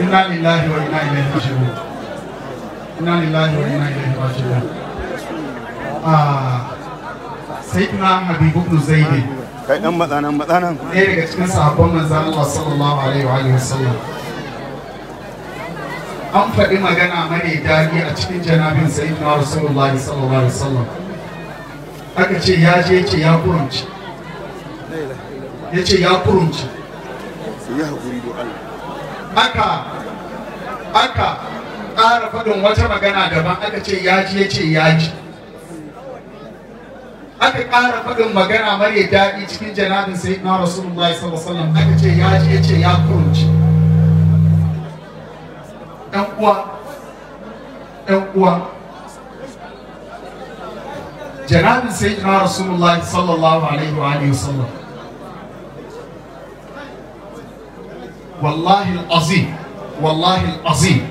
inna lillahi wa inna ilaihi raji'un inna lillahi wa inna ilaihi raji'un ah sayyidina habibu ibn zaid kai dan daga cikin sahabban manzon Allah sallallahu alaihi wa alihi wasallam an faɗi magana mare daɗi a cikin janabin sayyidina rasulullahi sallallahu alaihi wasallam aka ce ya je ce ya kurunci ya ce ya kurunci ya haƙuri do Allah aka aka ƙara faɗin wata magana daban aka ce yaji ya ce yaji aka ƙara faɗin magana mare daɗi cikin janabin sai na rasulullahi sallallahu aka ce yaji ya ce ya kurunci ɗan uwa ɗan uwa janabin sai na rasulullahi sallallahu alaihi wa sallam wallahi azim wallahi azim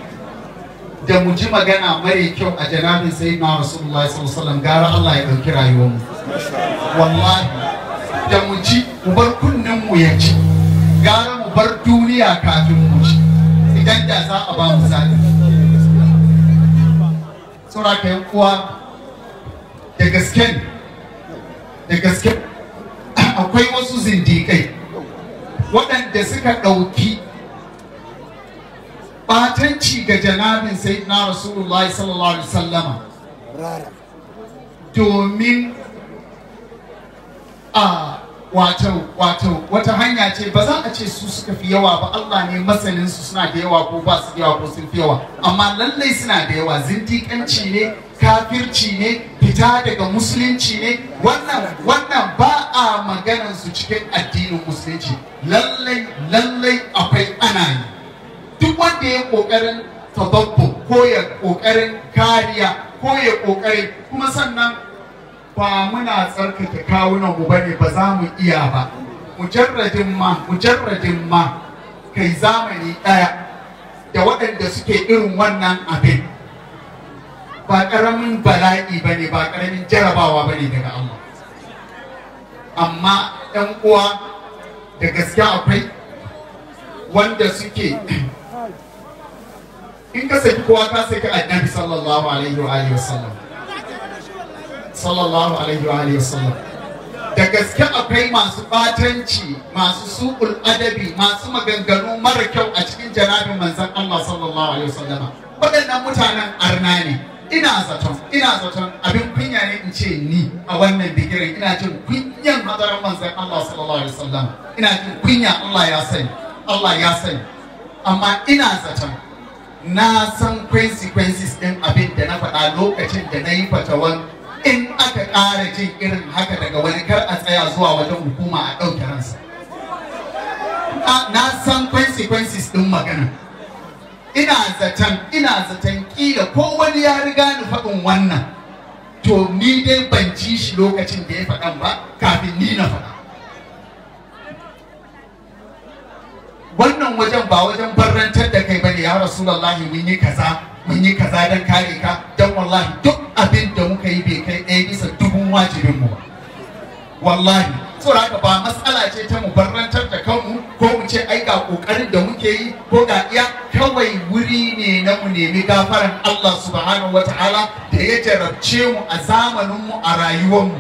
da mu ji magana mare kyau a janabin sai na rasulullah sallallahu gara Allah ya ɗauki rayuwar mu wallahi da mu ji mu bar kunnen mu ya ci gara mu bar duniya kafin mu ci idan da za a ba mu sani Sura ka yan uwa da gaske da gaske akwai wasu zindikai waɗanda suka ɗauki batanci ga janabin na rasulullahi sallallahu alaihi wasallama domin a wato wato wata hanya ce ba za a ce su suka fi yawa ba Allah ne masanin su suna da yawa ko ba su yawa ko sun fi yawa amma lallai suna da yawa zindiƙanci ne kafirci ne fita daga musulunci ne wannan wannan ba a maganar su cikin addinin musulunci lallai lallai akwai ana yi duk wanda ya kokarin tabbabbo ko ya kokarin kariya ko ya kokari kuma sannan ba muna tsarkake kawunan mu bane ba za mu iya ba mujarradin ma mujarradin ma kai zamani daya da waɗanda suke irin wannan abin ba ƙaramin bala'i ba ne ba ƙaramin jarabawa ba daga Allah amma ɗan uwa da gaske akwai wanda suke in ka saki kowa ka saki annabi sallallahu alaihi wa alihi wasallam sallallahu alaihi wa alihi wasallam da gaske akwai masu batanci masu suƙul adabi masu maganganu mara kyau a cikin janabin manzon Allah sallallahu alaihi wasallam waɗannan mutanen arna ne ina zaton ina zaton abin kunya ne in ce ni a wannan bigirin ina jin kunyan madaran manzon Allah sallallahu alaihi wasallam ina jin kunya Allah ya sani Allah ya sani amma ina zaton na san consequences ɗin abin da na faɗa lokacin da na yi fatawan in aka ƙara jin irin haka daga wani kar a tsaya zuwa wajen hukuma a ɗauke ransa na san consequences ɗin magana ina zaton ina zaton kila ko wani ya riga ni faɗin wannan to ni dai ban ji shi lokacin da ya faɗan ba kafin ni na faɗa wannan wajen ba wajen barrantar da ya rasulullahi mun yi kaza mun yi kaza don kare ka don wallahi duk abin da muka yi bai kai ɗaya bisa dubun wajibin mu ba wallahi saboda haka ba matsala ce ta mu barrantar da kanmu ko mu ce ai ga kokarin da muke yi ko ga iya kawai wuri ne na mu nemi gafaran Allah subhanahu wataala da ya jarabce mu a zamanin mu a rayuwar mu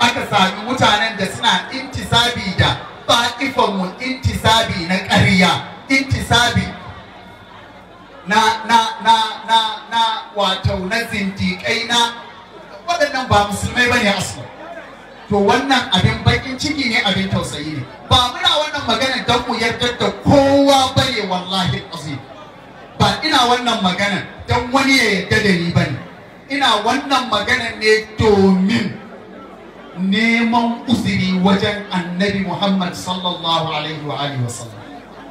aka sami mutanen da suna intisabi da ba'ifan mu intisabi na ƙarya intisabi na na na na na wato na zindiƙai na waɗannan ba musulmai ba ne su. to wannan abin bakin ciki ne abin tausayi ne ba muna wannan magana don mu yarda da kowa ba ne wallahi azim ba ina wannan magana don wani ya yarda da ni ba ne ina wannan magana ne domin neman uzuri wajen annabi muhammad sallallahu alaihi wa alihi wa sallam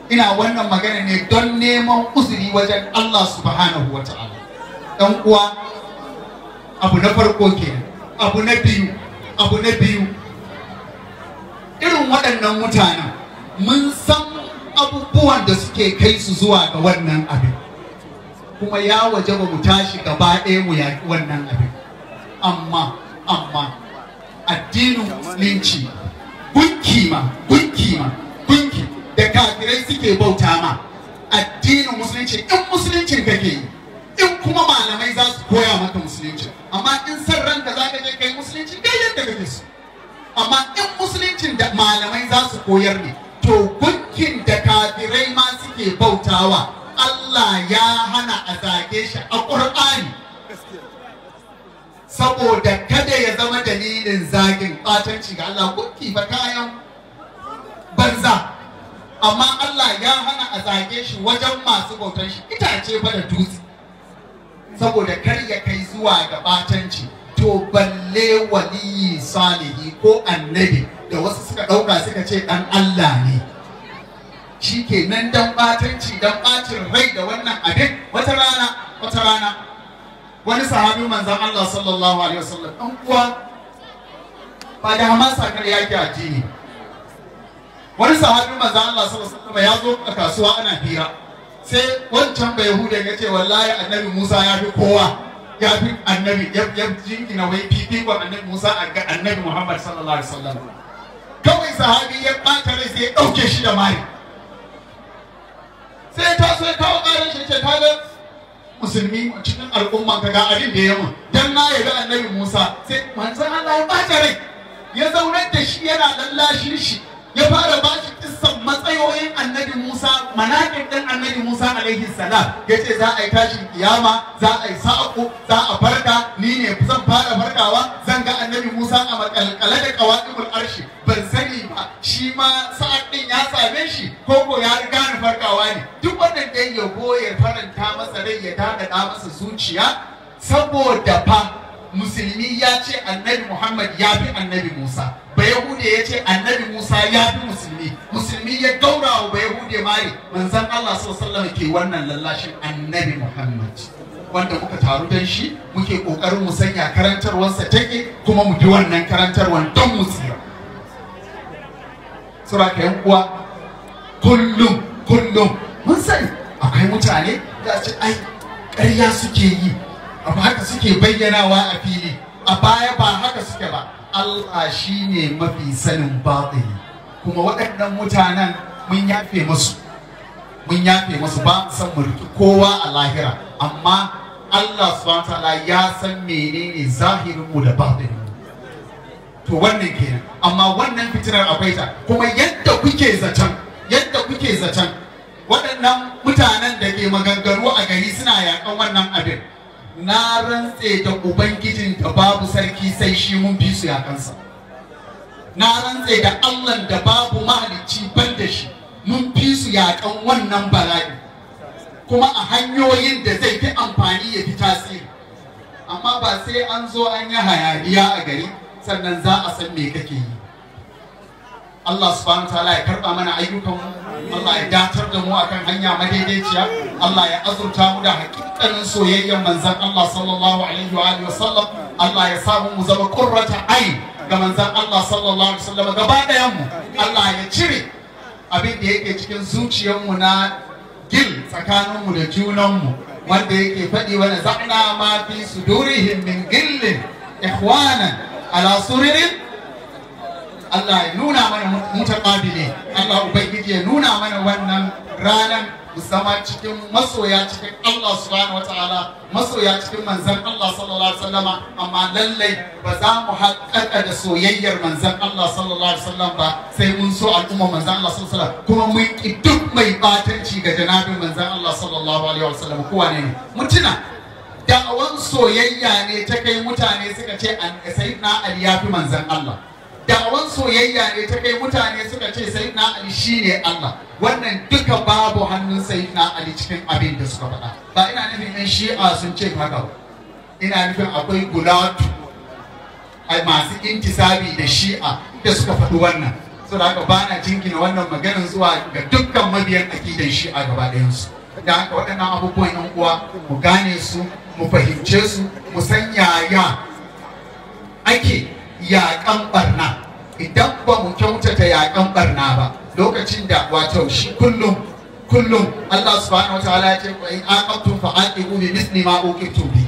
ina wannan magana ne don neman usuri wajen Allah subhanahu wa ta'ala dan uwa abu na farko ke abu na biyu abu na biyu irin waɗannan mutanen mun san abubuwan da suke kai su zuwa ga wannan abin kuma ya waje ba mu tashi gaba ɗaya mu yaƙi wannan abin amma amma addinin musulunci gunki ma gunki ma da kafirai suke bauta ma addinin musulunci in musulunci kake yi in kuma malamai za su koya maka musulunci amma in san ranka za ka je kai musulunci dai yadda kake so amma in musulunci da malamai za su koyar ne to gunkin da kafirai ma suke bautawa Allah ya hana a zage shi a ƙur'ani saboda kada ya zama dalilin zagin ɓatanci ga Allah gunki ba kayan banza amma Allah ya hana a zage shi wajen masu bautar shi itace fa da dutse saboda kar ya kai zuwa ga batanci to balle waliyi salihi ko annabi da wasu suka ɗauka suka ce ɗan Allah ne shi ke nan dan batanci dan bacin rai da wannan abin wata rana wata rana wani sahabi manzon Allah sallallahu alaihi wasallam Dan uwa ba da hamasa kar yaki addini wani sahabin manzo Allah sallallahu alaihi ya zo a kasuwa ana hira sai wancan bai hude ya ce wallahi annabi Musa ya fi kowa ya fi annabi ya na wai fifikon annabi Musa a annabi Muhammad sallallahu alaihi wasallam kawai sahabi ya ɓata rai sai ya ɗauke shi da mari sai ta so ya kawo ƙarin shi ce ta ga musulmi cikin al'umma ka ga abin da ya mun dan na yaga annabi Musa sai manzan Allah ya ɓata rai ya zaunar da shi yana lallashin shi ya fara ba shi kissan matsayoyin annabi Musa manakin ɗin annabi Musa alaihi salam ya ce za a yi tashin kiyama za a yi sa'aku za a farka ni ne zan fara farkawa zan ga annabi Musa a makalkala da qawaidul arshi ban sani ba shi ma sa'ad ɗin ya same shi koko ya riga ni farkawa ne duk wannan ɗan ya ya faranta masa rai ya dadada masa zuciya saboda fa musulmi ya ce annabi Muhammad ya fi annabi Musa yahudi ya ce annabi musa ya fi musulmi musulmi ya gaura wa ya mari manzan allah sallallahu ke wannan lallashin annabi muhammad wanda muka taru don shi muke kokarin mu sanya karantarwarsa take kuma mu bi wannan karantarwar don mu tsira sura ka yan uwa kullum kullum mun sani akwai mutane da ai ƙarya suke yi amma haka suke bayyanawa a fili a baya ba haka suke ba Allah shi ne mafi sanin baɗini kuma waɗannan mutanen mun yafe musu mun yafe musu ba mu san murki kowa a lahira amma Allah subhanahu ta'ala ya san menene zahirin mu da baɗini to wannan kenan amma wannan fitinar akwai ta kuma yadda kuke zaton yadda kuke zaton waɗannan mutanen da ke maganganu a gari suna yaƙan wannan abin na rantse da ubangijin da babu sarki sai shi mun bi su ya kansa na rantse da allah da babu mahalicci ban da shi mun fi su yakan wannan bala'i kuma a hanyoyin da zai fi amfani ya fi tasiri amma ba sai an zo an yi hayaniya a gari sannan za a san me kake yi Allah subhanahu wa ta'ala ya karba mana ayyukan mu Allah ya datar da mu akan hanya madaidaiciya Allah ya azurta mu da hakikanin soyayyen manzan Allah sallallahu alaihi wa alihi wasallam Allah ya samu mu zama qurrata ai ga manzan Allah sallallahu alaihi wasallam gaba mu Allah ya cire abin da yake cikin mu na gil tsakaninmu da junanmu wanda yake faɗi wani za'na ma fi sudurihim min gillin ikhwanan ala sururin Allah ya nuna mana mutaƙabile Allah ubangiji ya nuna mana wannan ranar zama cikin masoya cikin Allah subhanahu wataala masoya cikin manzan Allah sallallahu alaihi wasallama amma lallai ba za mu haƙƙaƙa da soyayyar manzan Allah sallallahu alaihi wasallam ba sai mun so al'umma manzan Allah sallallahu alaihi wasallam kuma mun ki duk mai batanci ga janabin manzan Allah sallallahu alaihi wasallam kowa ne mutuna da'awan soyayya ne ta kai mutane suka ce sayyidina Ali ya fi manzan Allah da'awar soyayya ne ta kai mutane suka ce sai na ali shine Allah wannan duka babu hannun sai na ali cikin abin da suka faɗa ba ina nufin yan shi'a sun ce haka ina nufin akwai gulatu masu intisabi da shi'a da suka faɗi wannan da haka bana na wannan maganar zuwa ga dukkan mabiyan akidan shi'a gaba da haka waɗannan abubuwan yan uwa mu gane su mu fahimce su mu san yaya ake yaƙan barna idan ba mu kyautata yaƙan barna ba lokacin da wato shi kullum kullum Allah subhanahu wa ta'ala ya ce wa in aqabtum fa aqibu bi misli ma uqibtum bi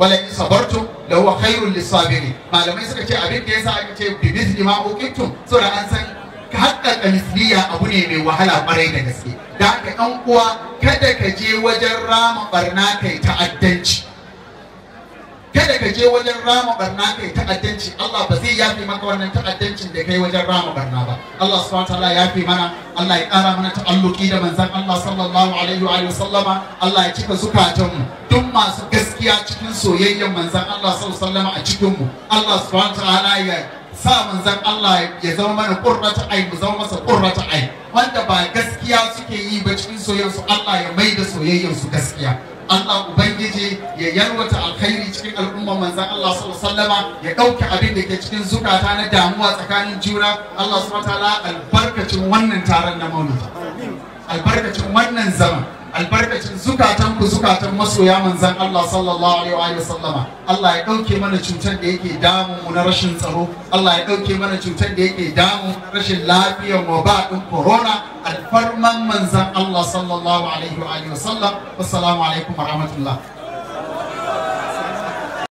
wala in sabartum la huwa khairul lisabirin malamai suka ce abin da yasa aka ce bi misli ma uqibtum da an san haƙƙaƙa misliya abu ne mai wahala kwarai da gaske da haka ɗan uwa kada ka je wajen rama barna kai ta'addanci ka je wajen rama barna kai ta'addanci Allah ba zai yafe maka wannan ta'addancin da kai wajen rama barna ba Allah subhanahu wataala ya yafe mana Allah ya kara mana ta'alluki da manzon Allah sallallahu alaihi wa sallama Allah ya cika mu duk masu gaskiya cikin soyayyen manzon Allah sallallahu alaihi wa a cikin mu Allah subhanahu wataala ya sa manzon Allah ya zama mana qurratu ayn mu zama masa qurratu ayn wanda ba gaskiya suke yi ba cikin soyayyen su, Allah ya maida soyayyen su gaskiya Allah ubangiji ya yarwata alkhairi cikin al'umma manzan Allah sallallahu sallama ya ɗauke abin da ke cikin zukata na damuwa tsakanin juna Allah subhanahu wa ta'ala albarkacin wannan taron na maulidi albarkacin wannan zaman albarkacin zukatan ku zukatan masoya manzan Allah sallallahu alaihi wa sallama Allah ya dauke mana cutar da yake damu mu na rashin tsaro Allah ya dauke mana cutar da yake damu rashin lafiyar mu ba din corona alfarman manzan Allah sallallahu alaihi wa sallam assalamu alaikum wa rahmatullah